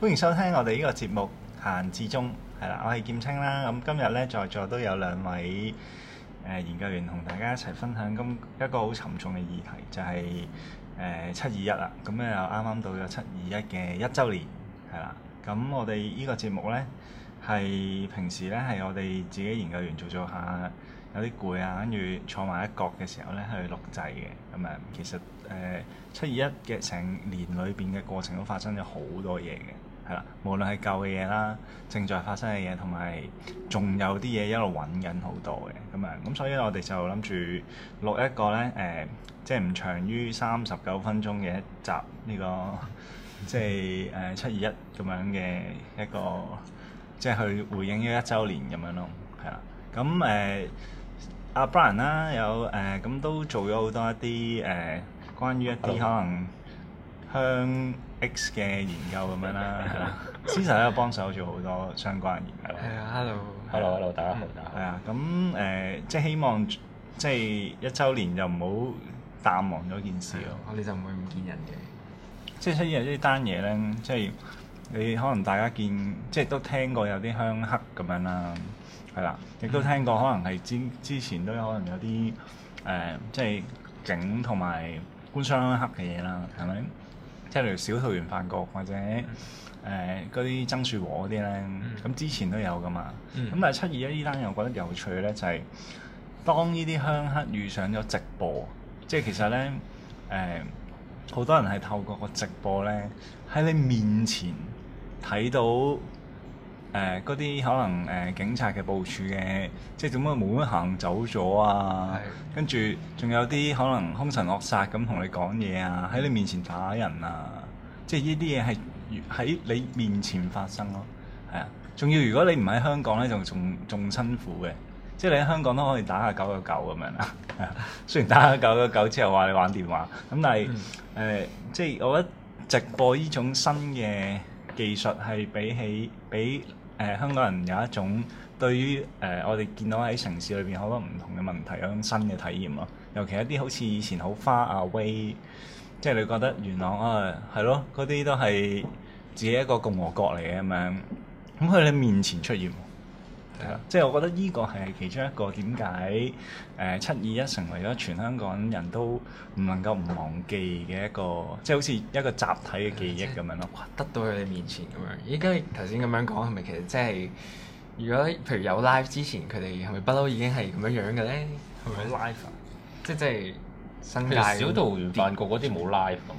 歡迎收聽我哋呢個節目《閒至中》，係啦，我係劍青啦。咁今日咧在座都有兩位誒研究員同大家一齊分享咁一個好沉重嘅議題，就係誒七二一啦。咁咧又啱啱到咗七二一嘅一周年，係啦。咁我哋呢個節目咧係平時咧係我哋自己研究員做做下有啲攰啊，跟住坐埋一角嘅時候咧去錄製嘅。咁啊，其實誒七二一嘅成年裏邊嘅過程都發生咗好多嘢嘅。係啦，無論係舊嘅嘢啦，正在發生嘅嘢，同埋仲有啲嘢一路揾緊好多嘅咁樣，咁所以我哋就諗住錄一個咧，誒、呃，即係唔長於三十九分鐘嘅一集呢個，即係誒七二一咁樣嘅一個，即係去回應一週年咁樣咯，係啦，咁誒阿 Brian 啦，有誒咁都做咗好多一啲誒、呃、關於一啲 Hello. 可能向。X 嘅研究咁樣啦，先生喺度幫手做好多相關研究。係啊，hello，hello，hello，大家好啊！啊， 咁誒、呃，即係希望即係一週年就唔好淡忘咗件事咯。 我哋就唔會唔見人嘅。即係出現一單嘢咧，即係你可能大家見，即係都聽過有啲鄉黑咁樣啦，係啦，亦都聽過可能係之之前都有可能有啲誒，即係警同埋官商黑嘅嘢啦，係 咪？即係例如小桃園飯局或者誒嗰啲曾樹和啲咧，咁之前都有噶嘛。咁、mm. 但係七二一呢單，又覺得有趣咧，就係當呢啲鄉黑遇上咗直播，即係其實咧誒，好、呃、多人係透過個直播咧喺你面前睇到。誒嗰啲可能誒、呃、警察嘅部署嘅，即係點解冇乜行走咗啊？的跟住仲有啲可能兇神惡煞咁同你講嘢啊，喺你面前打人啊，即係呢啲嘢係喺你面前發生咯，係啊。仲要如果你唔喺香港咧，就仲仲辛苦嘅，即係你喺香港都可以打下九九九咁樣啦。係啊。雖然打下九九九之後話你玩電話，咁但係誒、嗯呃，即係我覺得直播呢種新嘅技術係比起比。誒、呃、香港人有一種對於誒、呃、我哋見到喺城市裏邊好多唔同嘅問題有一種新嘅體驗咯，尤其一啲好似以前好花啊、威，即係你覺得元朗啊係咯，嗰啲都係自己一個共和國嚟嘅咁樣，咁佢喺你面前出現。即係我覺得呢個係其中一個點解誒七二一成為咗全香港人都唔能夠唔忘記嘅一個，即係好似一個集體嘅記憶咁樣咯。 哇！得到佢哋面前咁樣，依家你頭先咁樣講係咪其實即係，如果譬如有 live 之前佢哋係咪不嬲已經係咁樣樣嘅咧？係咪 live 啊？即即係。新界其實小桃園飯局嗰啲冇 live 㗎嘛，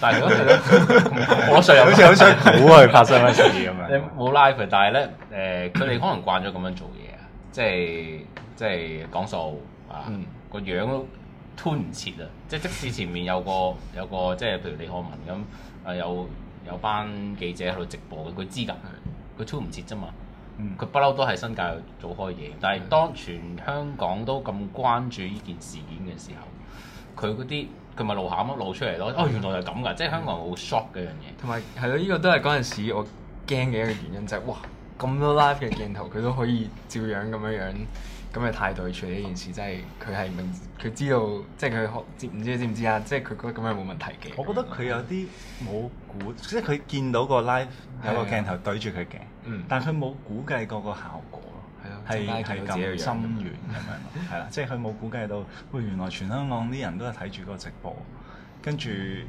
但係如果我上又好似好係拍攝呢啲嘢咁樣。冇 live，但係咧誒，佢哋可能慣咗咁樣做嘢啊，即係即係講數啊，個樣拖唔切啊，嗯、即係即使前面有個有個即係譬如李漢文咁啊、呃，有有班記者喺度直播佢知㗎，佢拖唔切啫嘛，佢不嬲都係新界做開嘢，但係當全香港都咁關注呢件事件嘅時候。佢嗰啲佢咪露下乜露出嚟咯，哦，原來就係咁㗎，嗯、即係香港人好 shock 嗰樣嘢。同埋係咯，呢、呢個都係嗰陣時我驚嘅一個原因，就係、係、哇咁多 live 嘅鏡頭，佢都可以照樣咁樣樣咁嘅態度處理呢件事，真係佢係明佢知道，即係佢知唔知知唔知啊？即係佢覺得咁樣冇問題嘅。我覺得佢有啲冇估，嗯、即係佢見到個 live 有個鏡頭對住佢嘅，嗯，但係佢冇估計過個效果。係係咁深遠咁樣，係啦， 即係佢冇估計到，喂，原來全香港啲人都係睇住嗰個直播，跟住誒、嗯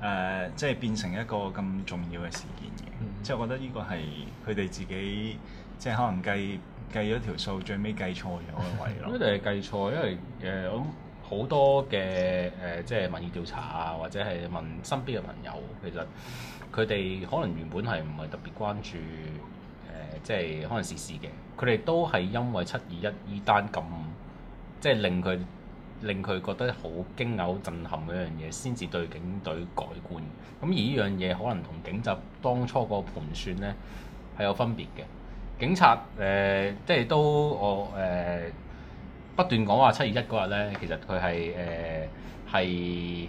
呃，即係變成一個咁重要嘅事件嘅，嗯、即係我覺得依個係佢哋自己，即係可能計計咗條數，最尾計錯，咗嘅位咯。咁誒計錯，因為誒我諗好多嘅誒、呃，即係民意調查啊，或者係問身邊嘅朋友，其實佢哋可能原本係唔係特別關注。即係可能時事嘅，佢哋都係因為七二一呢單咁，即係令佢令佢覺得好驚訝、好震撼嘅樣嘢，先至對警隊改觀。咁而呢樣嘢可能同警察當初個盤算呢係有分別嘅。警察誒、呃，即係都我誒、呃、不斷講話七二一嗰日呢，其實佢係誒係。呃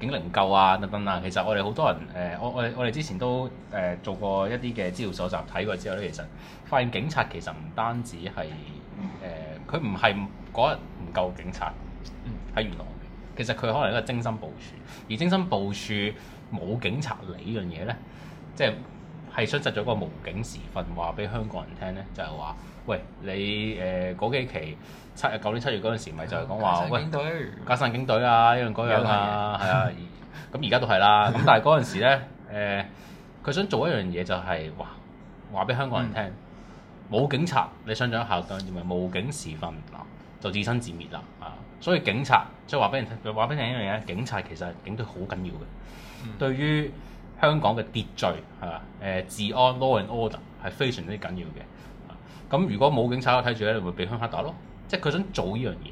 警力救夠啊，等等啦、啊。其實我哋好多人誒、呃，我我我哋之前都誒、呃、做過一啲嘅資料搜集，睇過之後咧，其實發現警察其實唔單止係誒，佢唔係嗰日唔夠警察喺元朗嘅，其實佢可能係一個精心部署，而精心部署冇警察理呢樣嘢咧，即係。係想製造咗個無警時分，話俾香港人聽咧，就係話，喂，你誒嗰幾期七九年七月嗰陣時，咪就係講話，喂，解散警隊啊，呢樣嗰樣啊，係啊，咁而家都係啦。咁但係嗰陣時咧，誒，佢想做一樣嘢，就係話話俾香港人聽，冇警察，你想象一下，究竟係咪無警時分啊？就自生自滅啦，啊。所以警察即係話俾人聽，話俾人一樣嘢，警察其實警隊好緊要嘅，嗯、對於，香港嘅秩序係嘛？誒，治安 law and order 係非常之緊要嘅。咁、啊、如果冇警察，我睇住咧，你會俾鄉黑打咯。即係佢想做呢樣嘢，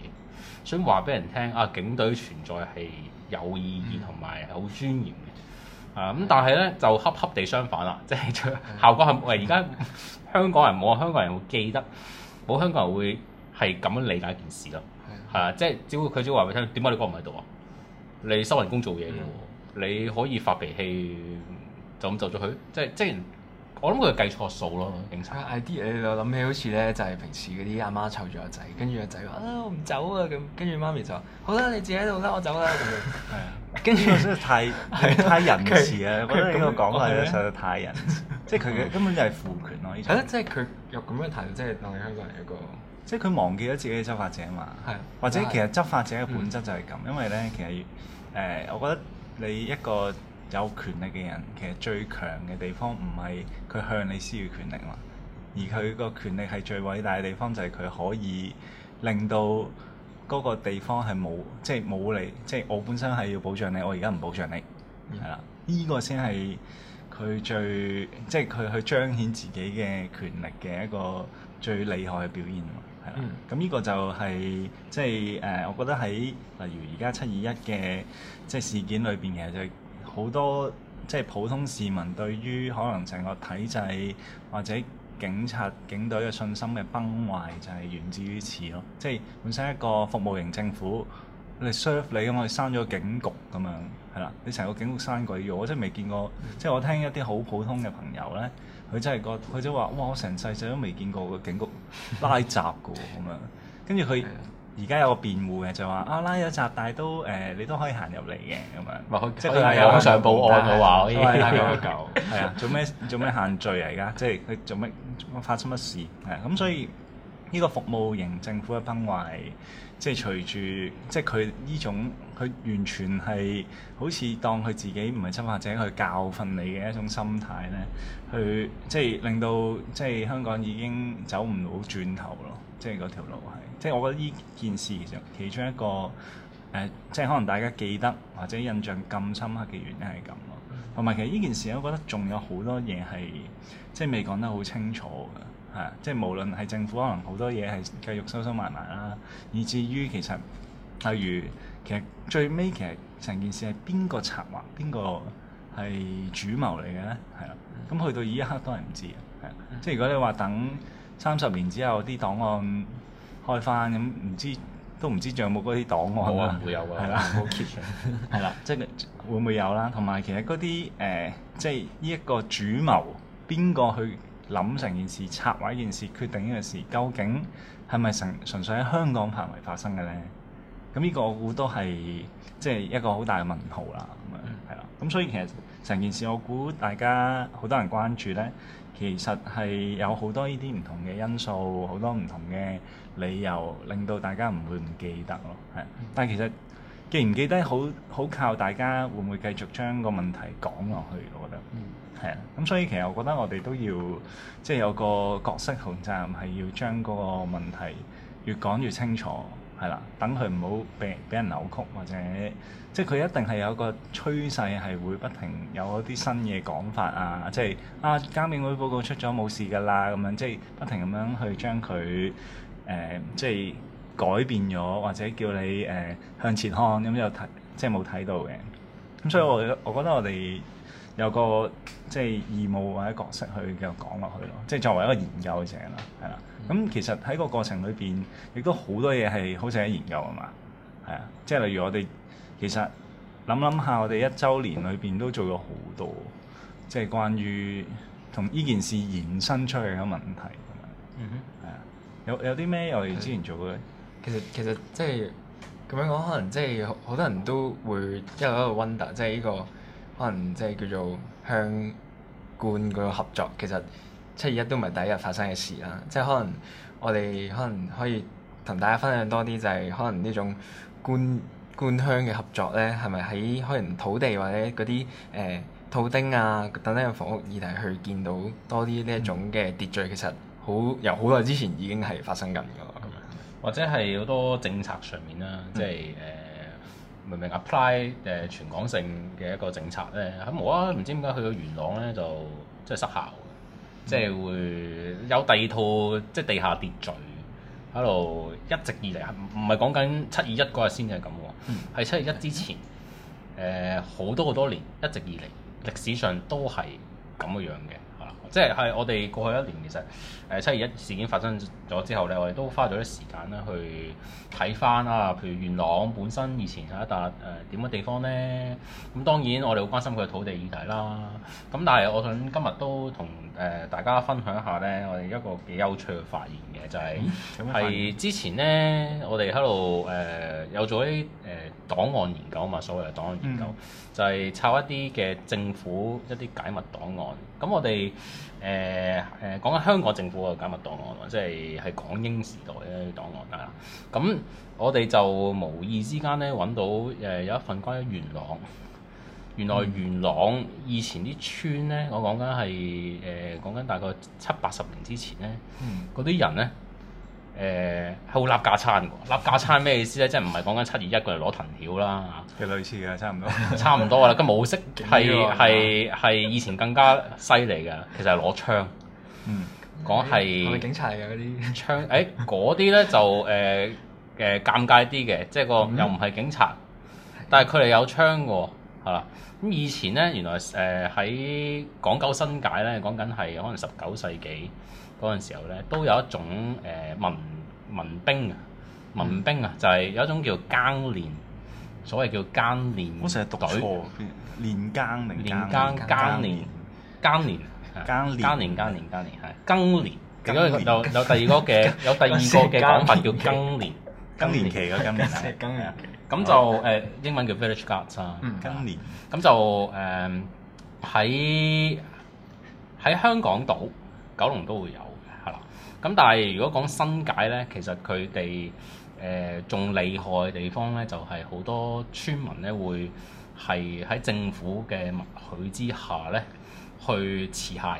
想話俾人聽啊！警隊存在係有意義同埋好尊嚴嘅。啊咁，但係咧就恰恰地相反啦，即係效果係而家香港人冇香港人會記得，冇香港人會係咁樣理解一件事咯。係的啊，即係只會佢只會話俾你聽，點解你講唔喺度啊？你收人工做嘢嘅喎。嗯你可以發脾氣就咁就咗佢，即係即係我諗佢計錯數咯。其實啲嘢就諗起好似咧，就係平時嗰啲阿媽湊住個仔，跟住個仔話啊我唔走啊咁，跟住媽咪就話好啦，你自己喺度啦，我走啦、啊、咁樣。啊，跟住真係太太仁慈啊！ 他我覺得呢個講法、 啊、實在太仁慈， 即係佢嘅根本就係父權咯、啊。呢種 即係佢又咁樣提，即係當你香港人一個，即係佢忘記咗自己嘅執法者嘛。係， 或者其實執法者嘅本質就係咁， 因為咧其實誒、呃，我覺得。你一個有權力嘅人，其實最強嘅地方唔係佢向你施予權力嘛，而佢個權力係最偉大嘅地方就係佢可以令到嗰個地方係冇，即係冇你，即係我本身係要保障你，我而家唔保障你，係啦，呢、嗯、個先係佢最，即係佢去彰顯自己嘅權力嘅一個最厲害嘅表現嘛，係啦，咁呢、嗯、個就係即係誒，我覺得喺例如而家七二一嘅。即係事件裏邊其實就係好多即係普通市民對於可能成個體制或者警察警隊嘅信心嘅崩壞就係源自於此咯。即係本身一個服務型政府你 serve 你，咁我哋閂咗警局咁樣，係啦，你成個警局閂鬼咗，我真係未見過。即係我聽一啲好普通嘅朋友咧，佢真係覺得佢都話：哇！我成世世都未見過個警局拉閘㗎咁樣，跟住佢。 而家有個辯護嘅就話啊，拉咗閘，但係都誒你都可以行入嚟嘅咁樣，不即係佢係網上報案話我話可，可以拉佢嚿，係啊 做咩做咩限聚啊而家，即係佢做乜發生乜事係咁，所以呢個服務型政府嘅崩壞，即係隨住即係佢呢種。佢完全係好似當佢自己唔係執法者，去教訓你嘅一種心態咧，去即係令到即係香港已經走唔到轉頭咯。即係嗰條路係即係我覺得呢件事其實其中一個誒、呃，即係可能大家記得或者印象咁深刻嘅原因係咁咯。同埋其實呢件事，我覺得仲有好多嘢係即係未講得好清楚嘅，係即係無論係政府可能好多嘢係繼續收收埋埋啦，以至於其實例如。其實最尾其實成件事係邊個策劃，邊個係主謀嚟嘅咧？係啦，咁去到依一刻都係唔知嘅，係即係如果你話等三十年之後啲檔案開翻，咁、嗯、唔知都唔知仲有冇嗰啲檔案啊，會唔、啊、會有㗎、啊？係啦的，好揭嘅，係啦。即係會唔會有啦、啊？同埋其實嗰啲誒，即係依一個主謀，邊個去諗成件事、策劃依件事、決定依個事，究竟係咪純純粹喺香港範圍發生嘅咧？咁呢個我估都係即係一個好大嘅問號啦，咁樣係啦。咁所以其實成件事我估大家好多人關注咧，其實係有好多呢啲唔同嘅因素，好多唔同嘅理由，令到大家唔會唔記得咯。係，但係其實記唔記得好好靠大家會唔會繼續將個問題講落去。我覺得，係啊、嗯。咁所以其實我覺得我哋都要即係有個角色同責任，係要將嗰個問題越講越清楚。係啦，等佢唔好俾俾人扭曲，或者即係佢一定係有個趨勢係會不停有一啲新嘅講法啊，即係啊，監警會報告出咗冇事㗎啦，咁樣即係不停咁樣去將佢誒、呃、即係改變咗，或者叫你誒、呃、向前看，咁又睇即係冇睇到嘅。咁所以我我覺得我哋有個即係義務或者角色去繼續講落去咯，即係作為一個研究者啦，係啦。咁其實喺個過程裏邊，亦都好多嘢係好似喺研究係嘛，係啊，即係例如我哋其實諗諗下，我哋一週年裏邊都做咗好多，即係關於同呢件事延伸出去嘅問題，嗯哼，係啊，有有啲咩我哋之前做過咧？其實其實即係咁樣講，可能即係好多人都會有一個 wonder，即係呢個可能即係叫做鄉官嗰個合作，其實。七二一都唔係第一日發生嘅事啦，即係可能我哋可能可以同大家分享多啲，就係可能呢種官官鄉嘅合作咧，係咪喺可能土地或者嗰啲誒土丁啊等等嘅房屋議題去見到多啲呢一種嘅秩序？嗯、其實好由好耐之前已經係發生緊噶啦，咁樣、嗯、或者係好多政策上面啦，嗯、即係誒、呃、明明 apply 誒、呃、全港性嘅一個政策咧，咁冇啊，唔知點解去到元朗咧就即係失效。即係會有第二套，即係地下秩序喺度，一直以嚟唔唔係講緊七二一嗰日先至係咁喎，係七二一之前，誒好多好多年一直以嚟，歷史上都係咁嘅樣嘅嚇。即係係我哋過去一年其實誒七二一事件發生咗之後咧，我哋都花咗啲時間咧去睇翻啊，譬如元朗本身以前係一笪誒點嘅地方咧。咁當然我哋好關心佢嘅土地議題啦。咁但係我想今日都同，誒、呃，大家分享一下咧，我哋一個幾有趣嘅發現嘅，就係、是、係之前咧，我哋喺度誒有做啲誒、呃、檔案研究啊嘛。所謂嘅檔案研究，嗯、就係抄一啲嘅政府一啲解密檔案。咁我哋誒誒講緊香港政府嘅解密檔案，即者係係港英時代嘅檔案啊。咁我哋就無意之間咧揾到誒有一份關於元朗。原來元朗以前啲村咧，我講緊係誒講緊大概七八十年之前咧，嗰啲、嗯、人咧誒係好立架撐， 立架撐咩意思咧？即係唔係講緊七二一過嚟攞藤條啦，係類似嘅，差唔多， 差唔多啦。咁模式係係係以前更加犀利嘅，其實係攞槍，講係係咪警察嘅嗰啲槍？誒嗰啲咧就誒誒尷尬啲嘅，即係個又唔係警察， 但係佢哋有槍嘅，係啦。咁以前咧，原來誒喺港九新界咧，講緊係可能十九世紀嗰陣時候咧，kind of sheep, times, 都有一種誒民民兵啊，民兵啊，就係有一種叫更年，所謂叫更年。我成日讀錯年更年更更更年更年更年更年更年係更年。咁樣有有第二個嘅有第二個嘅講法叫更年。今年期嘅今年今年咁年就誒 英文叫 village guards 啊、嗯，今年咁就誒喺喺香港島、九龍都會有嘅，係啦。咁但係如果講新界咧，其實佢哋誒仲厲害嘅地方咧，就係、是、好多村民咧會係喺政府嘅默許之下咧去持械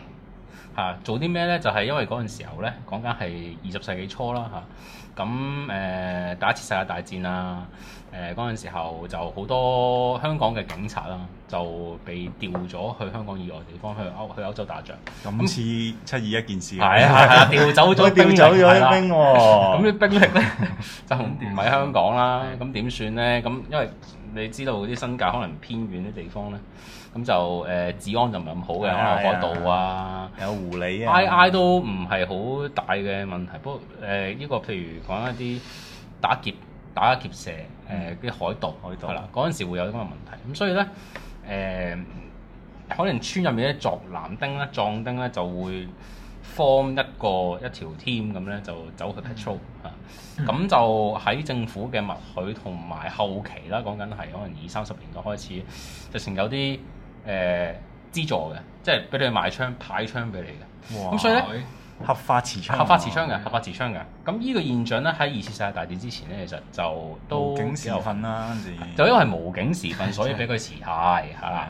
嚇做啲咩咧？就係、是、因為嗰陣時候咧，講緊係二十世紀初啦嚇。咁誒，第一、呃、次世界大戰啦，誒嗰陣時候就好多香港嘅警察啦，就被調咗去香港以外地方去歐去歐洲打仗，咁、嗯、似七二一件事嘅，係、嗯、啊係 啊，調走咗兵，調走咗兵，咁啲兵力咧 就唔喺香港啦，咁點算咧？咁因為。你知道嗰啲新界可能偏遠啲地方咧，咁就誒治安就唔係咁好嘅，可能海盜啊，有狐狸啊，I I 都唔係好大嘅問題。不過誒呢個譬如講一啲打劫、打劫蛇，誒啲海盜，係啦，嗰陣時會有啲咁嘅問題。咁所以咧誒，可能村入面啲作男丁咧、壯丁咧就會 form 一個一條 team 咁咧，就走去 patrol 嚇。咁、嗯、就喺政府嘅默許同埋後期啦，講緊係可能二三十年代開始，就成有啲誒資助嘅，即係俾你買槍派槍俾你嘅。咁哇所以咧，合法持槍，合法持槍嘅、啊，合法持槍嘅。咁呢個現象咧喺二次世界大戰之前咧，其實就都警時分啦，乎就因為無警時分，的所以俾佢持械嚇。的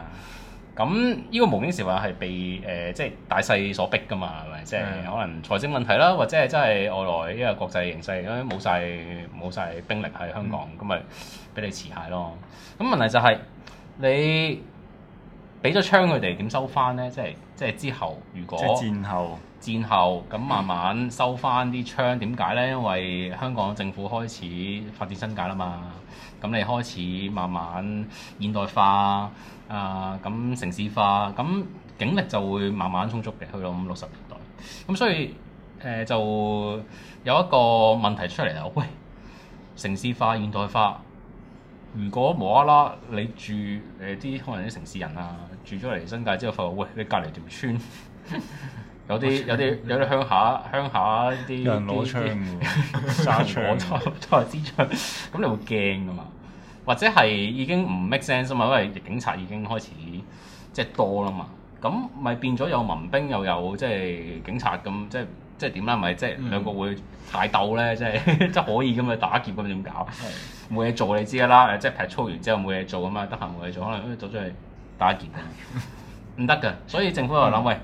咁呢個無影時話係被誒、呃、即係大勢所逼㗎嘛，係咪？即係可能財政問題啦，或者係真係外來因為國際形勢，咁樣冇晒冇晒兵力喺香港，咁咪俾你持械咯。咁問題就係、是、你俾咗槍佢哋點收翻咧？即係即係之後如果戰後即戰後咁慢慢收返啲槍，點解咧？因為香港政府開始發展新界啦嘛，咁你開始慢慢現代化。啊，咁城市化，咁警力就會慢慢充足嘅，去到五六十年代，咁所以誒、呃、就有一個問題出嚟喇！喂，城市化、現代化，如果無啦啦你住誒啲可能啲城市人啊，住咗嚟新界之後，發覺喂你隔離條村 有啲些有啲有啲鄉下鄉下啲人攞散槍、菜菜枝槍，咁你會驚㗎嘛？或者係已經唔 make sense 啊嘛，因為警察已經開始即係多啦嘛，咁咪變咗有民兵又有即係警察咁，即係即係點啦？咪即係兩個會大鬥咧，即係即係可以咁嘅打劫咁點搞？冇嘢的做你知噶啦，即係劈操完之後冇嘢做啊嘛，得閒冇嘢做可能做咗去打劫，唔得噶。所以政府又諗、嗯、喂，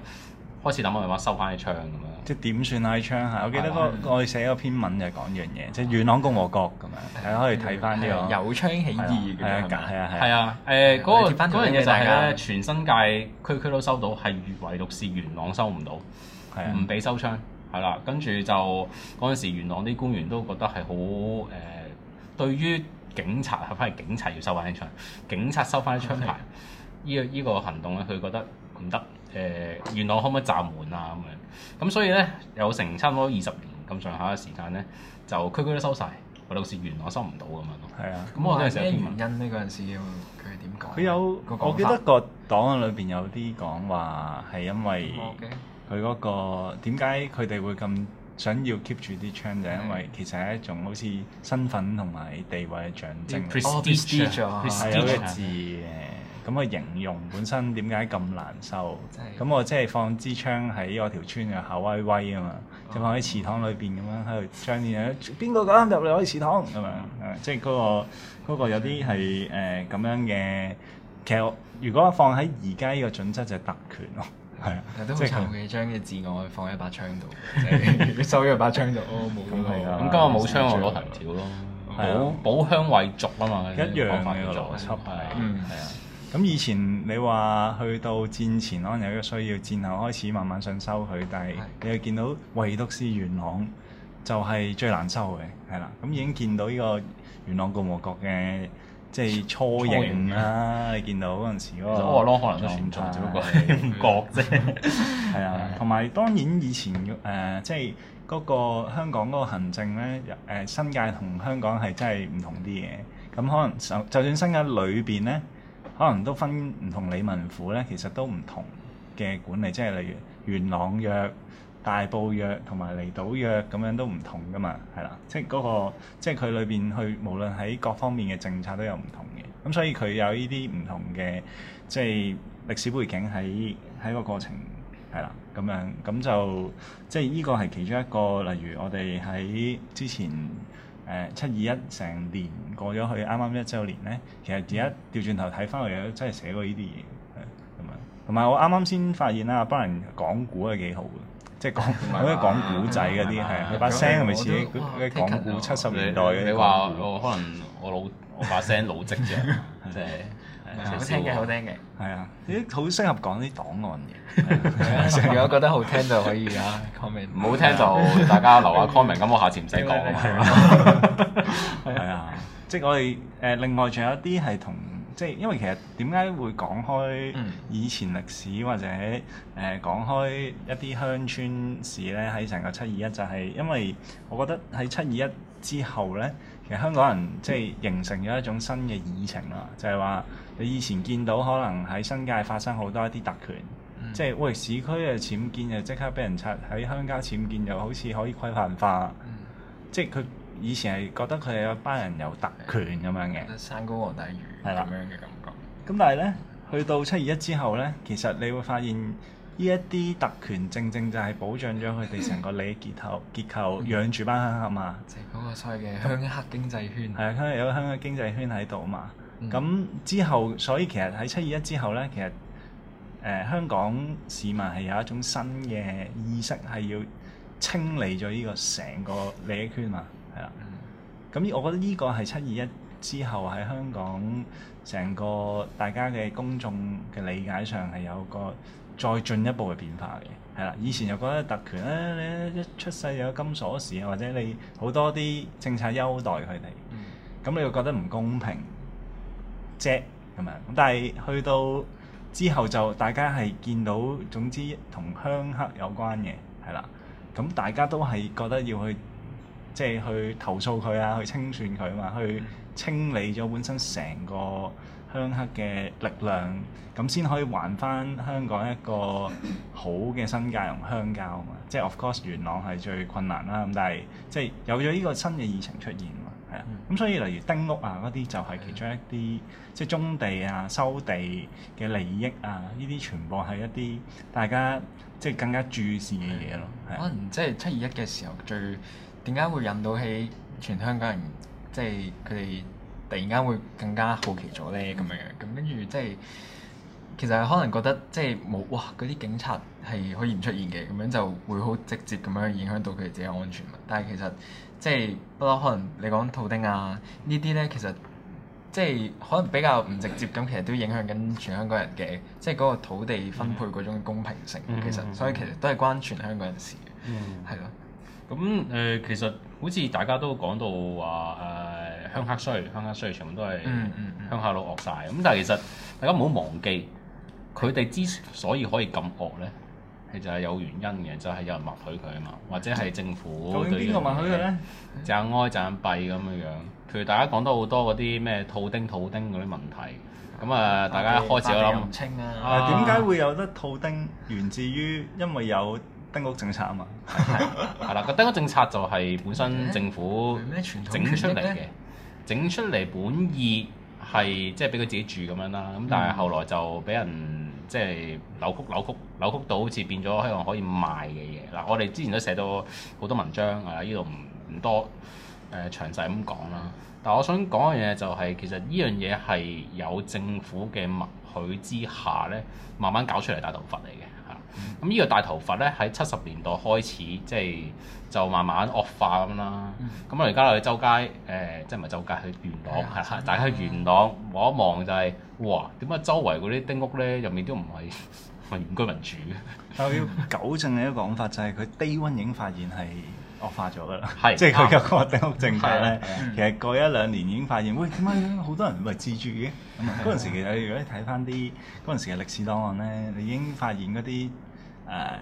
開始諗下話收返啲槍咁啊。即點算嗌槍嚇？我記得嗰我哋寫個篇文就講樣嘢，即、就是、元朗共和國咁樣，係、嗯、可以睇翻啲。有槍起義咁樣噶。係啊係啊，誒嗰個嗰樣嘢就係咧，啊、全新界區區都收到，係唯獨是元朗收唔到，唔俾、啊、收槍，係啦、啊。跟住就嗰陣時元朗啲官員都覺得係好誒，對於警察，係翻警察要收翻啲槍，警察收翻啲槍牌，依、 這個依、這個、行動咧，佢覺得唔得。誒、呃、元朗可唔可以閂門啊咁樣。咁所以咧有成差唔多二十年咁上下嘅時間咧，就區區都收晒，或者好似元朗收唔到咁樣。係啊，咁我哋係咩原因呢？嗰陣要佢佢點講？佢有、啊、我記得個檔案裏邊有啲講話係因為佢嗰、嗰個點解佢哋會咁想要 keep 住啲槍，就係因為其實係一種好似身份同埋地位嘅象徵。Prestige 啊，有個字嘅。咁我形容本身點解咁難受？咁我即係放支槍喺我條村嘅口威威啊嘛，就放喺祠堂裏邊咁樣喺度將啲嘢，邊個敢入嚟我啲祠堂咁樣？即係嗰個嗰個有啲係誒咁樣嘅。其實如果放喺而家呢個準則就係特權咯，係啊，都好慘嘅，將嘅自我放喺一把槍度，你收咗把槍就哦冇咗啦。咁今日冇槍我攞藤條咯，保保鄉衞族啊嘛，一樣嘅邏輯係，係啊。咁以前你話去到戰前可能有一個需要，戰後開始慢慢想收佢，但係你又見到唯獨是元朗就係、是、最難收嘅，係啦。咁、嗯、已經見到呢個元朗共和國嘅即係雛形啦。你見到嗰陣時嗰個我，可能都存在， 只不過唔覺啫。係啊，同埋當然以前誒、呃，即係嗰個香港嗰個行政咧，誒、呃、新界同香港係真係唔同啲嘢。咁可能就就算新界裏邊咧。可能都分唔同理民府咧，其實都唔同嘅管理，即係例如元朗約、大埔約同埋離島約咁樣都唔同㗎嘛，係啦，即係嗰、那個即係佢裏邊去無論喺各方面嘅政策都有唔同嘅，咁所以佢有呢啲唔同嘅即係歷史背景喺喺個過程係啦，咁樣咁就即係呢個係其中一個，例如我哋喺之前。誒七二一成年過咗去，啱啱一週年咧，其實而家調轉頭睇翻，我真係寫過呢啲嘢，係咁啊。同埋我啱啱先發現啦、啊，幫人講古係幾好，即係講嗰古仔嗰啲係，佢把 聲咪似嗰講古七十年代、啊、股你話我，我可能我老我把聲老積啫，即係。好聽嘅，好聽嘅，係啊，啲好適合講啲檔案嘅。成日覺得好聽就可以啊，comment，唔好聽就大家留下 comment。咁我下次唔使講。係啊，即係我哋誒另外仲有啲係同，即係因為其實點解會講開以前歷史或者誒講開一啲鄉村史咧？喺成個七二一就係因為我覺得喺七二一之後咧，其實香港人即係形成咗一種新嘅議程啦，就係話。你以前見到可能喺新界發生好多一啲特權，嗯、即係喂市區嘅僭建就即刻俾人拆，喺鄉郊僭建又好似可以規範化，嗯、即係佢以前係覺得佢有班人有特權咁樣嘅，山高皇帝遠咁樣嘅感覺。咁但係咧，去到七二一之後咧，其實你會發現呢一啲特權正正就係保障咗佢哋成個利益結構、嗯、結構養住班鄉黑嘛，即係嗰個所謂嘅鄉黑經濟圈。係啊、嗯，嗯、有個鄉黑經濟圈喺度嘛。咁、嗯、之後，所以其實喺七二一之後咧，其實誒、呃、香港市民係有一種新嘅意識，係要清理咗呢個成個利益圈啊，係啦。咁、嗯、我覺得呢個係七二一之後喺香港成個大家嘅公眾嘅理解上係有個再進一步嘅變化嘅，係啦。以前就覺得特權咧、啊，你一出世有金鎖匙啊，或者你好多啲政策優待佢哋，咁、嗯、你又覺得唔公平。啫咁啊！但係去到之後就大家係見到總之同鄉黑有關嘅係啦，咁大家都係覺得要去即係、就是、去投訴佢啊，去清算佢啊嘛，去清理咗本身成個鄉黑嘅力量，咁先可以還翻香港一個好嘅新界同鄉郊啊嘛！即係 of course 元朗係最困難啦，咁但係即係有咗呢個新嘅疫情出現。咁、嗯、所以例如丁屋啊嗰啲就係其中一啲，的即係徵地啊、收地嘅利益啊，呢啲全部係一啲大家即係更加注視嘅嘢咯。的的可能即係七二一嘅時候最點解會引到起全香港人，即係佢哋突然間會更加好奇咗咧咁樣樣。咁跟住即係，其實可能覺得即係冇哇嗰啲警察係可以唔出現嘅，咁樣就會好直接咁樣影響到佢哋自己嘅安全。但係其實。即係不嬲，可能你講套丁啊呢啲咧，其實即係可能比較唔直接咁，其實都影響緊全香港人嘅，即係嗰個土地分配嗰種公平性。嗯嗯嗯、其實，所以其實都係關全香港人事嘅，係咯、嗯。咁、嗯、誒的、呃，其實好似大家都講到話誒、呃，鄉下衰，鄉下衰，衰，全部都係鄉下佬惡晒。咁、嗯、但係其實大家唔好忘記，佢哋之所以可以咁惡咧。就係有原因嘅，就係、是、有人默許佢啊嘛，或者係政府對邊個默許佢咧？就係開就係閉咁樣樣。譬如大家講到好多嗰啲咩套丁套丁嗰啲問題，咁啊，大家一開始就諗唔清啊。點解、啊、會有得套丁？源自於因為有丁屋政策啊嘛，係 啦。個丁屋政策就係本身政府整出嚟嘅，整出嚟本意。係即係俾佢自己住咁樣啦，咁但係後來就俾人即係扭曲、扭曲、扭曲到好似變咗希望可以賣嘅嘢。嗱，我哋之前都寫到好多文章㗎啦，呢度唔唔多誒、呃、詳細咁講啦。但係我想講嘅嘢就係、是、其實呢樣嘢係有政府嘅默許之下咧，慢慢搞出嚟大頭佛嚟嘅。咁呢、嗯、個大頭佛咧，喺七十年代開始，即係就慢慢惡化咁啦。咁我而家去周街，誒、呃，即係唔係周街去元朗嚇？大家的去元朗望一望就係、是，哇！點解周圍嗰啲丁屋咧入面都唔係原居民住？但要糾正你一個講法，就係佢低温已經發現係。惡化咗㗎啦，即係佢有個丁屋政策咧。其實過一兩年已經發現，喂，點解好多人唔係自住嘅？咁啊，嗰時其實如果你睇翻啲嗰陣時嘅歷史檔案咧，你已經發現嗰啲誒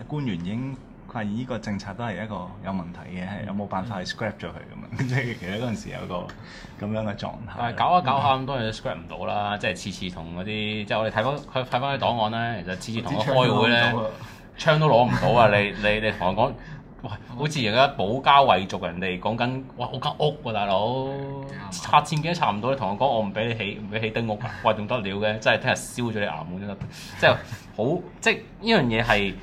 官員已經發現呢個政策都係一個有問題嘅，有冇辦法去 scrap 咗佢咁樣？即係其實嗰陣時有個咁樣嘅狀態。搞一搞下咁當然 scrap 唔到啦，即係次次同嗰啲即係我哋睇翻佢睇翻啲檔案咧，其實次次同我開會咧，槍都攞唔到啊！你你你同我講。好似而家保家衛族人，人哋講緊哇，我間屋喎、啊、大佬，拆千幾都拆唔到，你同我講我唔俾你起，唔俾你起丁屋，哇仲得了嘅，真係聽日燒咗你衙門先得，即係好即係呢樣嘢係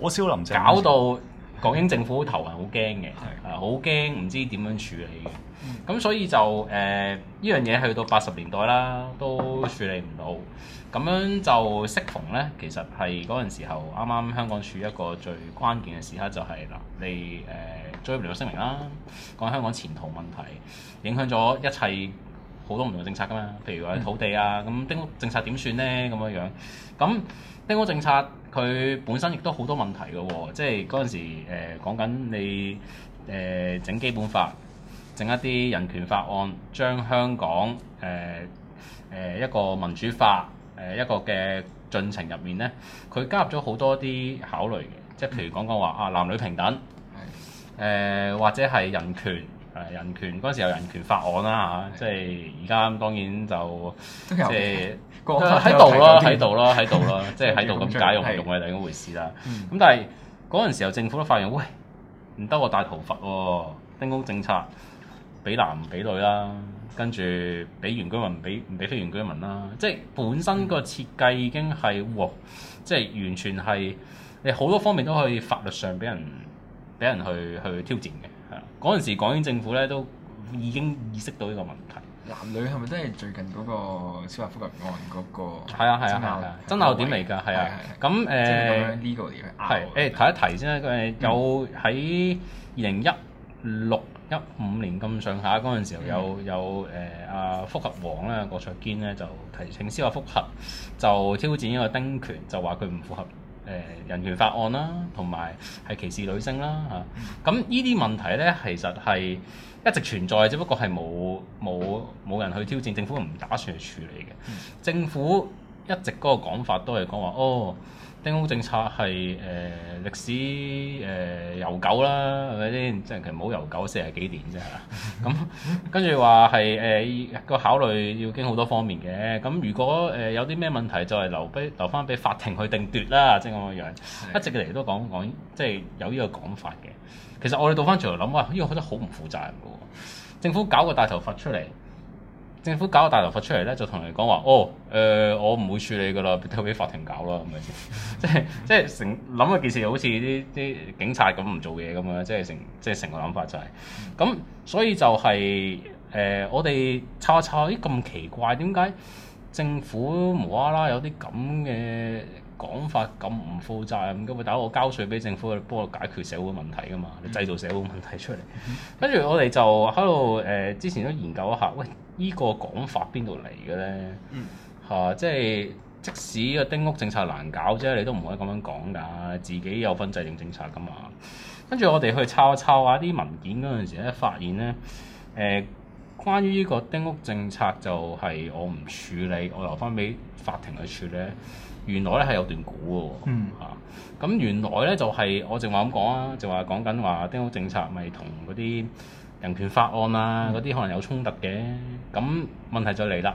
火燒林，搞到港英政府好頭痕，好驚嘅，係好驚，唔知點樣處理嘅，咁、嗯、所以就誒呢、呃、樣嘢去到八十年代啦，都處理唔到。咁樣就適逢咧，其實係嗰陣時候啱啱香港處一個最關鍵嘅時刻，就係、是、啦，你誒、呃、追唔到聲明啦，講香港前途問題，影響咗一切好多唔同嘅政策㗎嘛。譬如話土地啊，咁丁屋政策點算咧？咁樣樣咁丁屋政策佢本身亦都好多問題㗎喎、哦，即係嗰陣時誒、呃、講緊你誒、呃、整基本法，整一啲人權法案，將香港誒誒、呃呃、一個民主化。誒一個嘅進程入面咧，佢加入咗好多啲考慮嘅，即係譬如講講話啊男女平等，誒或者係人權，誒人權嗰陣時有人權法案啦吓，即係而家當然就即係喺度咯，喺度咯，喺度咯，即係喺度咁解用唔用係另一回事啦。咁但係嗰陣時候政府都發現，喂，唔得，我大頭佛，丁屋政策俾男唔俾女啦。跟住俾原居民，俾唔俾非原居民啦？即係本身個設計已經係，即係完全係你好多方面都可以法律上俾人俾人去去挑戰嘅。係啦，嗰陣時港英政府咧都已經意識到呢個問題。男女係咪都係最近嗰個司法覆核案嗰個，個？係啊係啊係啊，真係有爭拗點嚟㗎？係啊，咁誒呢個嚟嘅。係、欸、提一提先啦，佢、呃嗯、有喺二零一六。一五年咁上下嗰陣時候有有誒阿覆核王咧，郭卓堅咧就提醒司法覆核就挑戰一個丁權，就話佢唔符合誒、呃、人權法案啦，同埋係歧視女性啦嚇。咁呢啲問題咧，其實係一直存在，只不過係冇冇冇人去挑戰，政府唔打算去處理嘅。嗯、政府一直嗰個講法都係講話哦。丁屋政策係誒、呃、歷史誒、呃、悠久啦，係咪先？即係其實唔好悠久，四十幾年啫。咁跟住話係誒個考慮要經好多方面嘅。咁如果誒、呃、有啲咩問題就，就係留俾留翻俾法庭去定奪啦。即係咁嘅樣，是的 一直嚟都講講，即係有呢個講法嘅。其實我哋倒翻轉頭諗啊，呢、這個覺得好唔負責任嘅喎，政府搞個大頭佛出嚟。政府搞個大頭佛出嚟咧，就同你哋講話：哦，誒、呃，我唔會處理噶啦，交俾法庭搞啦，咁樣、 就是，即係即係成諗一件事，好似啲啲警察咁唔做嘢咁樣，即係成即係成個諗法就係、是、咁， 所以就係、是、誒、呃，我哋查下查咦咁奇怪，點解政府無啦啦有啲咁嘅講法咁唔負責啊？咁會，但我交稅俾政府去幫我解決社會問題噶嘛？你製造社會問題出嚟，跟住 我哋就喺度誒，之前都研究一下，喂。個呢個講法邊度嚟嘅咧？嚇、嗯啊，即係即使個丁屋政策難搞啫，你都唔可以咁樣講㗎。自己有份制定政策㗎嘛。跟住我哋去抄抄下啲文件嗰陣時咧，發現咧，誒、呃，關於呢個丁屋政策就係我唔處理，我留翻俾法庭去處理。原來咧係有段估嘅喎、啊。嚇、嗯，咁、啊、原來咧就係我淨話咁講啊，就話講緊話丁屋政策咪同嗰啲。人權法案啊，嗰啲、嗯、可能有衝突嘅，咁問題就嚟啦。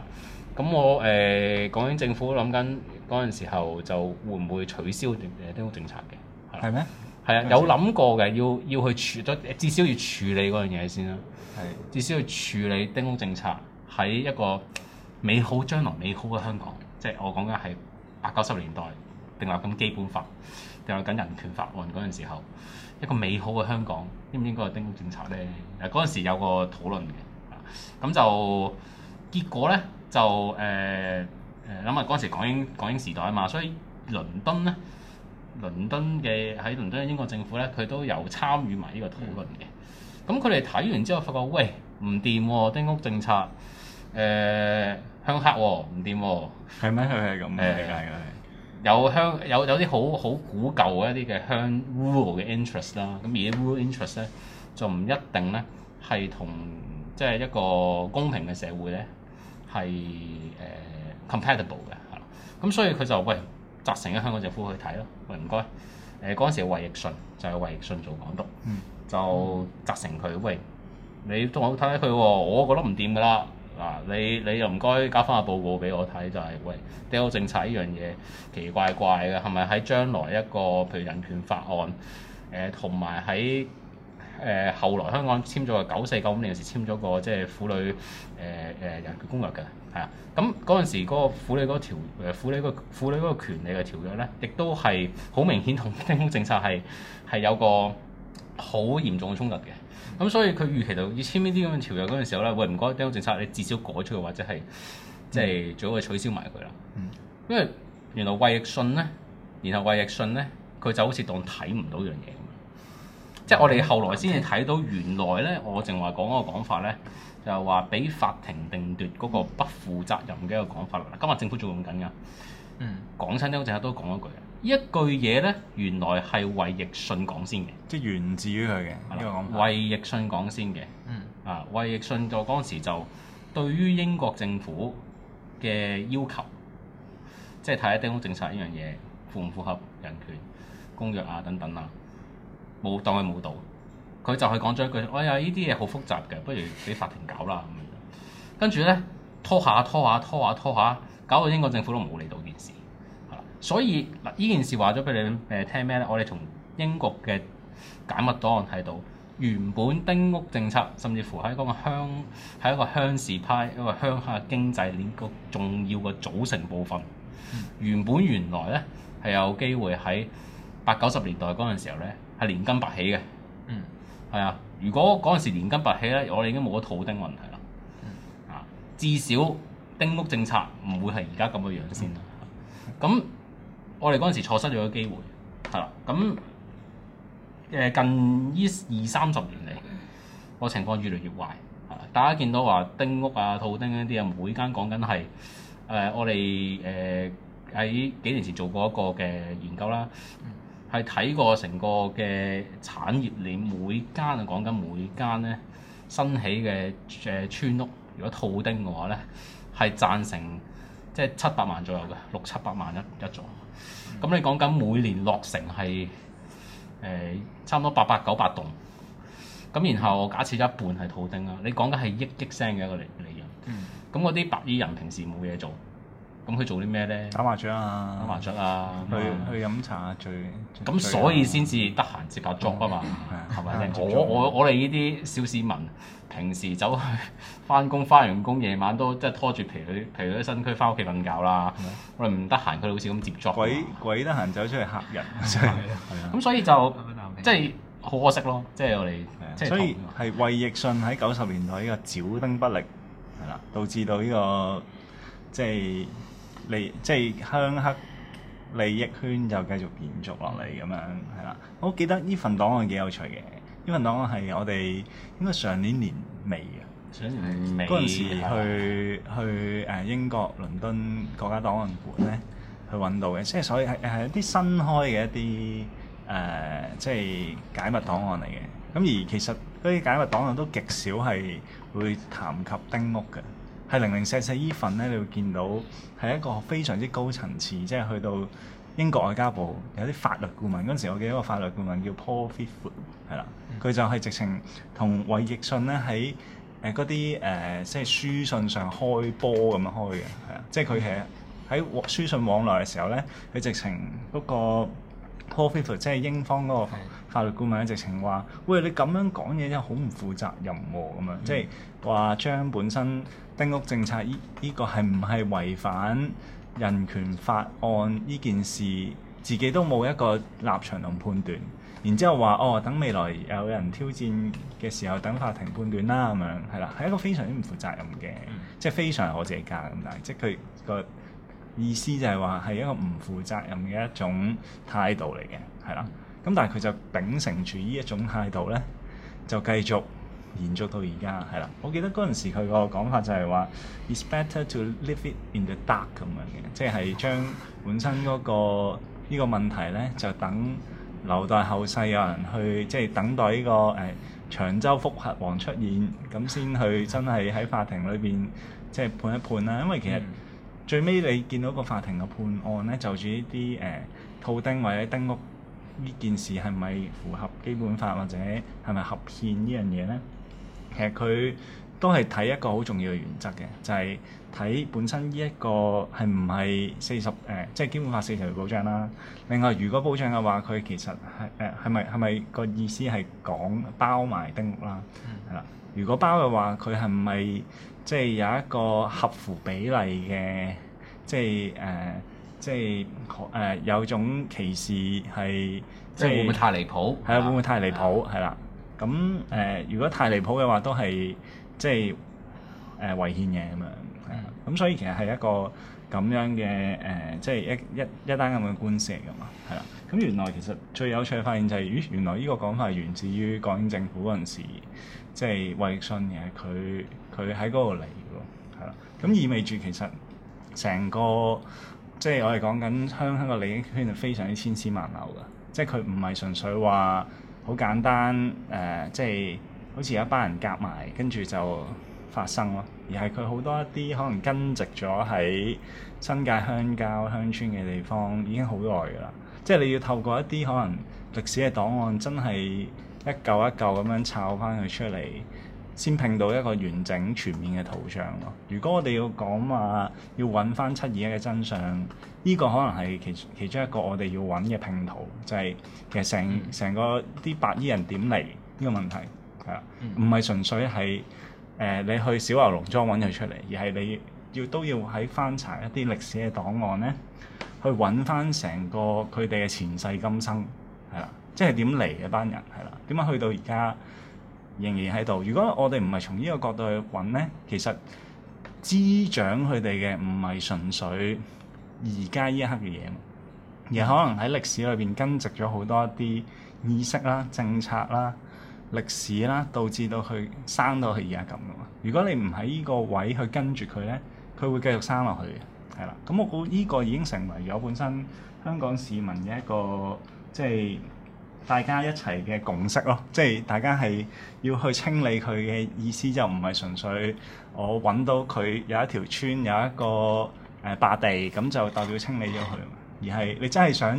咁我誒，港、呃、英政府諗緊嗰陣時候，就會唔會取消誒丁屋政策嘅？係咩？係啊，有諗過嘅，要要去處咗，至少要處理嗰樣嘢先啦。係的，至少要處理丁屋政策喺一個美好將來美好嘅香港，即係我講緊係八九十年代定立緊基本法，定立緊人權法案嗰陣，那個、時候。一個美好嘅香港，應唔應該係丁屋政策咧？誒嗰陣時有個討論嘅，啊咁就結果咧就誒誒諗下嗰陣時港英港英時代啊嘛，所以倫敦咧，倫敦嘅喺倫敦嘅英國政府咧，佢都有參與埋呢個討論嘅。咁佢哋睇完之後，發覺喂唔掂喎，丁屋政策誒、呃、鄉黑喎、啊，唔掂喎。係咪？佢係咁理解嘅。哎有香有有啲好好古舊嘅一啲嘅香 rural 嘅 interest 啦，咁而啲 rural interest 咧就唔一定咧係同即係一個公平嘅社會咧係誒 compatible 嘅，係咁所以佢就喂責成嘅香港政府去睇咯，喂唔該誒嗰陣時衛奕信，就係衛奕信做港督，嗯、就責成佢喂，你同我睇睇佢喎，我覺得唔掂㗎啦。嗱、啊，你你又唔該交翻個報告俾我睇，就係、是、喂，丁政策依樣嘢奇奇怪怪嘅，係咪喺將來一個譬如人權法案，誒同埋喺誒後來香港簽咗個九四九五年時簽咗個即係婦女誒誒、呃、人權公約嘅，係啊，咁嗰陣時嗰個婦女嗰條誒婦女個婦女嗰個權利嘅條約咧，亦都係好明顯同丁政策係係有個好嚴重嘅衝突嘅。咁、嗯、所以佢預期到要簽呢啲咁嘅條約嗰陣時候咧，喂唔該，丁屋政策你至少改出去或者係即係最好係取消埋佢啦。嗯、因為原來衛奕信咧，然後衛奕信咧，佢就好似當睇唔到樣嘢咁。即係我哋後來先至睇到，原來咧我淨話講嗰個講法咧，就係話俾法庭定奪嗰個不負責任嘅一個講法啦。嗯、今日政府做咁緊噶，講親呢個政策都講咗句。一句嘢咧，原來係衛奕迅講先嘅，即係源自於佢嘅。係啦吧，講法，衛奕迅講先嘅。嗯，啊，衛奕迅就陣時就對於英國政府嘅要求，即係睇下丁屋政策呢樣嘢符唔符合人權公約啊等等啊，冇當佢冇到。佢就係講咗一句，哎呀，呢啲嘢好複雜嘅，不如俾法庭搞啦咁樣，跟住咧拖下拖下拖下拖下，搞到英國政府都冇理到件事。所以嗱，呢件事話咗俾你誒、呃、聽咩咧？我哋從英國嘅解密檔案睇到，原本丁屋政策甚至乎喺嗰個鄉係一個鄉事派一個鄉下經濟鏈個重要嘅組成部分。原本原來咧係有機會喺八九十年代嗰陣時候咧係連根拔起嘅。嗯，係啊。如果嗰陣時連根拔起咧，我哋已經冇咗土丁問題啦。啊、嗯，至少丁屋政策唔會係而家咁嘅樣先啦。咁、嗯。我哋嗰陣時錯失咗個機會，係啦。咁誒近呢二三十年嚟，個情況越嚟越壞。係啦，大家見到話丁屋啊、套丁嗰啲啊，每間講緊係誒我哋誒喺幾年前做過一個嘅研究啦，係睇過成個嘅產業鏈，每間啊講緊每間咧新起嘅誒村屋，如果套丁嘅話咧，係賺成即係七百萬左右嘅，六七百萬一一座。咁你講緊每年落成係誒，差唔多八百九百棟，咁然後假設一半係土丁啦，你講嘅係一 p e 嘅一個利利潤，咁嗰啲白衣人平時冇嘢做。咁佢做啲咩咧？打麻雀啊，打麻雀啊，去去飲茶聚。咁所以先至得閒接下 job 啊嘛，係咪？我我我哋呢啲小市民，平時走去翻工，翻完工夜晚都即係拖住疲累、疲累身軀翻屋企瞓覺啦。我哋唔得閒，佢好似咁接 job 鬼鬼得閒走出去嚇人，係啊。咁所以就即係好可惜咯，即係我哋。所以係衛奕迅喺九十年代呢個照明不力，係啦，導致到呢個即係。利即係鄉黑利益圈就繼續延續落嚟咁樣，係啦。我記得呢份檔案幾有趣嘅，呢份檔案係我哋應該上年年尾嘅，上年年尾嗰陣時去的去誒英國倫敦國家檔案館咧去揾到嘅，即係所以係係一啲新開嘅一啲誒、呃，即係解密檔案嚟嘅。咁而其實嗰啲解密檔案都極少係會談及丁屋嘅。零零碎碎依份咧，你會見到係一個非常之高層次，即係去到英國外交部有啲法律顧問嗰陣時，我記得個法律顧問叫 Paul Fifoot 係啦，佢、嗯、就係直情同衛奕迅咧喺誒嗰啲誒即係書信上開波咁樣開嘅係啊，即係佢其實喺書信往來嘅時候咧，佢直情嗰個 Paul Fifoot 即係英方嗰個法律顧問咧，嗯、直情話喂，你咁樣講嘢真係好唔負責任喎咁啊，樣即係話將本身。丁屋政策呢依、呢個係唔係違反人權法案呢件事，自己都冇一個立場同判斷，然之後話哦，等未來有人挑戰嘅時候，等法庭判斷啦咁樣，係啦，係一個非常之唔負責任嘅，嗯、即係非常我自己責咁但大，即係佢個意思就係話係一個唔負責任嘅一種態度嚟嘅，係啦。咁但係佢就秉承住呢一種態度咧，就繼續。延續到而家係啦，我記得嗰陣時佢個講法就係話，it's better to leave it in the dark 咁樣嘅，即係將本身嗰、嗰個呢、呢個問題呢，就等留待後世有人去，即係等待呢、呢個誒、呃、長洲覆核王出現，咁先去真係喺法庭裏邊即係判一判啦。因為其實、嗯、最尾你見到個法庭嘅判案呢，就住呢啲誒套丁或者丁屋呢件事係咪符合基本法或者係咪合憲呢樣嘢呢？其實佢都係睇一個好重要嘅原則嘅，就係、是、睇本身呢一個係唔係四十誒，即係基本法四條保障啦。另外，如果保障嘅話，佢其實係誒係咪係咪個意思係講包埋丁屋啦？係啦，如果包嘅話，佢係唔係即係有一個合乎比例嘅，即係誒、呃，即係誒、呃、有種歧視係，即係會唔會太離譜？係啊，會唔會太離譜？係啦的。的咁誒、呃，如果太離譜嘅話，都係即係誒、呃、違憲嘅咁樣。咁所以其實係一個咁樣嘅誒、呃，即係一一一單咁嘅官司嚟噶嘛，係啦。咁原來其實最有趣嘅發現就係、是，咦，原來呢個講法源自於港英政府嗰陣時，即係衛信嘅佢佢喺嗰度嚟嘅喎，係啦。咁意味住其實成個即係我哋講緊香港嘅利益圈係非常之千絲萬縷噶，即係佢唔係純粹話。好簡單，誒、呃，即係好似一班人夾埋，跟住就發生咯。而係佢好多一啲可能根植咗喺新界鄉郊鄉村嘅地方，已經好耐㗎啦。即係你要透過一啲可能歷史嘅檔案，真係一舊一舊咁樣抄翻佢出嚟。先拼到一個完整全面嘅圖像咯。如果我哋要講話要揾翻七二一嘅真相，呢、呢個可能係其其中一個我哋要揾嘅拼圖，就係其實成成個啲白衣人點嚟呢個問題，係啦，唔係、嗯、純粹係誒、呃、你去小牛農莊揾佢出嚟，而係你要都要喺翻查一啲歷史嘅檔案咧，去揾翻成個佢哋嘅前世今生，係啦，即係點嚟一班人，係啦，點解去到而家？仍然喺度。如果我哋唔係從呢個角度去揾咧，其實滋長佢哋嘅唔係純粹而家呢一刻嘅嘢，而可能喺歷史裏邊根植咗好多啲意識啦、政策啦、歷史啦，導致到佢生到佢而家咁嘅嘛。如果你唔喺呢個位去跟住佢咧，佢會繼續生落去嘅，係啦。咁我估呢個已經成為咗本身香港市民嘅一個，即係。大家一齊嘅共識咯，即係大家係要去清理佢嘅意思，就唔係純粹我揾到佢有一條村有一個誒霸地，咁就代表清理咗佢，而係你真係想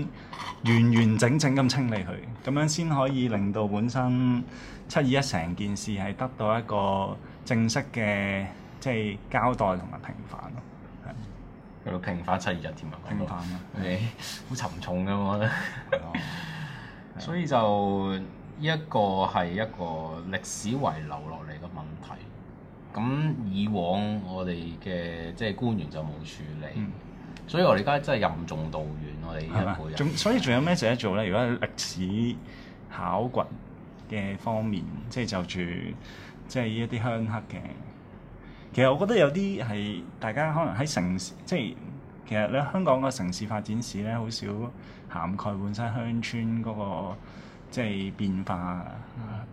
完完整整咁清理佢，咁樣先可以令到本身七二一成件事係得到一個正式嘅即係交代同埋平反咯。係平反七二一添啊！的平反啊！誒 okay, 的，好沉重㗎我覺得。 所以就呢一個係一個歷史遺留落嚟嘅問題，咁以往我哋嘅即係官員就冇處理，嗯、所以我哋而家真係任重道遠。我哋一輩人，仲所以仲有咩值得做咧？如果喺歷史考掘嘅方面，即係就住即係呢一啲鄉黑嘅，其實我覺得有啲係大家可能喺城市即係。就是其實咧，香港個城市發展史咧，好少涵蓋本身鄉村嗰、那個即係變化。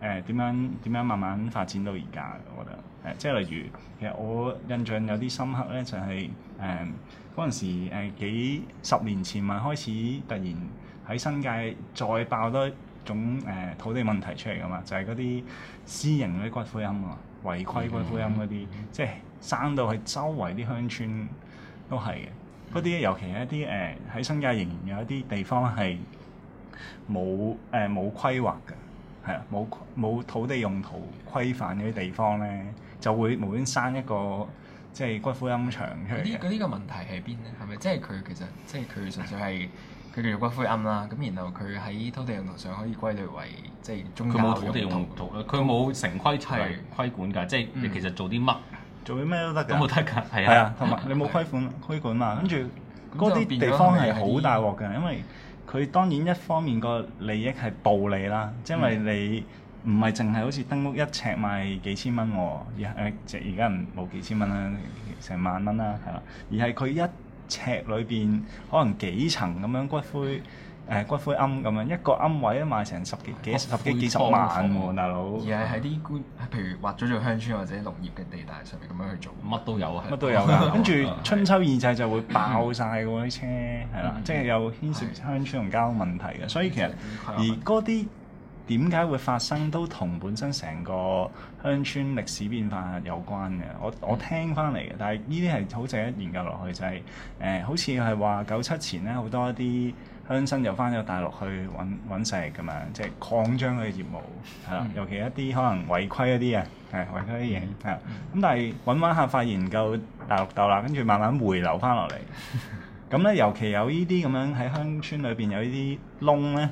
誒點、嗯呃、樣點樣慢慢發展到而家？我覺得誒、呃，即係例如其實我印象有啲深刻咧，就係誒嗰陣時誒、呃、幾十年前咪開始突然喺新界再爆多種誒、呃、土地問題出嚟噶嘛，就係嗰啲私營嗰啲骨灰庵啊、違規骨灰庵嗰啲，嗯、即係生到去周圍啲鄉村都係嘅。嗰啲尤其係一啲誒喺新界仍然有一啲地方係冇誒冇規劃嘅，係啊冇冇土地用途規範嗰啲地方咧，就會無端生一個即係骨灰庵場出嚟。呢嗰啲嘅問題係邊咧？係咪即係佢其實即係佢純粹係佢叫做「骨灰庵」啦？咁然後佢喺土地用途上可以歸類為即係中間。佢冇土地用途，佢冇城規規管㗎，即係你其實做啲乜？做啲咩都得㗎，都冇得㗎，係啊，係啊，同埋你冇規管，規管嘛，跟住嗰啲地方係好大鑊㗎，因為佢當然一方面個利益係暴利啦，嗯、因為你唔係淨係好似丁屋一尺賣幾千蚊喎、哦嗯啊，而係而家唔冇幾千蚊啦，成萬蚊啦，係啦，而係佢一尺裏邊可能幾層咁樣骨灰。嗯嗯。誒、呃、骨灰庵咁樣一個庵位都賣成十幾幾十幾幾十幾萬喎，大佬而係喺啲官，嗯、譬如挖咗做鄉村或者農業嘅地帶上面咁樣去做，乜都，都有啊，乜都有㗎。跟住春秋二季就會爆晒㗎啲車，係 啦，嗯、即係有牽涉鄉村同交通問題嘅。所以其實而嗰啲點解會發生都同本身成個鄉村歷史變化有關嘅。我、嗯、我聽翻嚟嘅，但係呢啲係好正，研究落去就係、是、誒、呃，好似係話九七前咧好多一啲。鄉親就翻咗大陸去揾揾食㗎嘛，即係擴張佢嘅業務，係啦、嗯，尤其一啲可能違規一啲人，係違規啲嘢，係、嗯，咁但係揾揾下發現唔夠大陸鬥啦，跟住慢慢回流翻落嚟，咁咧 尤其有呢啲咁樣喺鄉村裏邊有呢啲窿咧，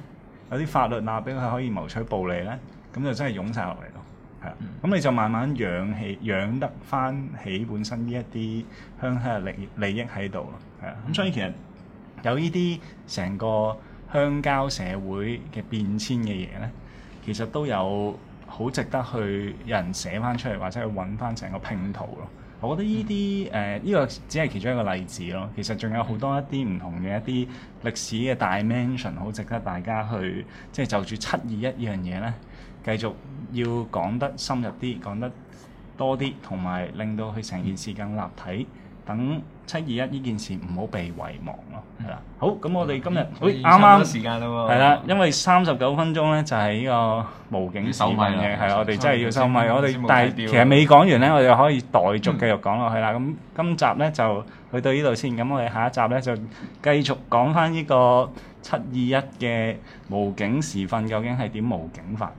有啲法律啊，俾佢可以牟取暴利咧，咁就真係湧晒落嚟咯，係啦，咁、嗯、你就慢慢養起，養得翻起本身呢一啲鄉下利利益喺度咯，係啊，咁所以其實。有呢啲成個鄉郊社會嘅變遷嘅嘢咧，其實都有好值得去有人寫翻出嚟，或者去揾翻成個拼圖咯。我覺得呢啲誒呢個只係其中一個例子咯。其實仲有好多一啲唔同嘅一啲歷史嘅大 dimension 好值得大家去，即係就住七二一呢樣嘢咧，繼續要講得深入啲，講得多啲，同埋令到佢成件事更立體等。七二一呢件事唔好被遺忘咯，係啦。好，咁我哋今日，誒啱啱時間，係啦，因為三十九分鐘咧就係、是、呢個無警時分嘅，係我哋真係要收咪。我哋，但係、嗯、其實未講完咧，我哋可以待續繼續講落去啦。咁今集咧就去到呢度先，咁我哋下一集咧就繼續講返呢個七二一嘅無警時分究竟係點無警法？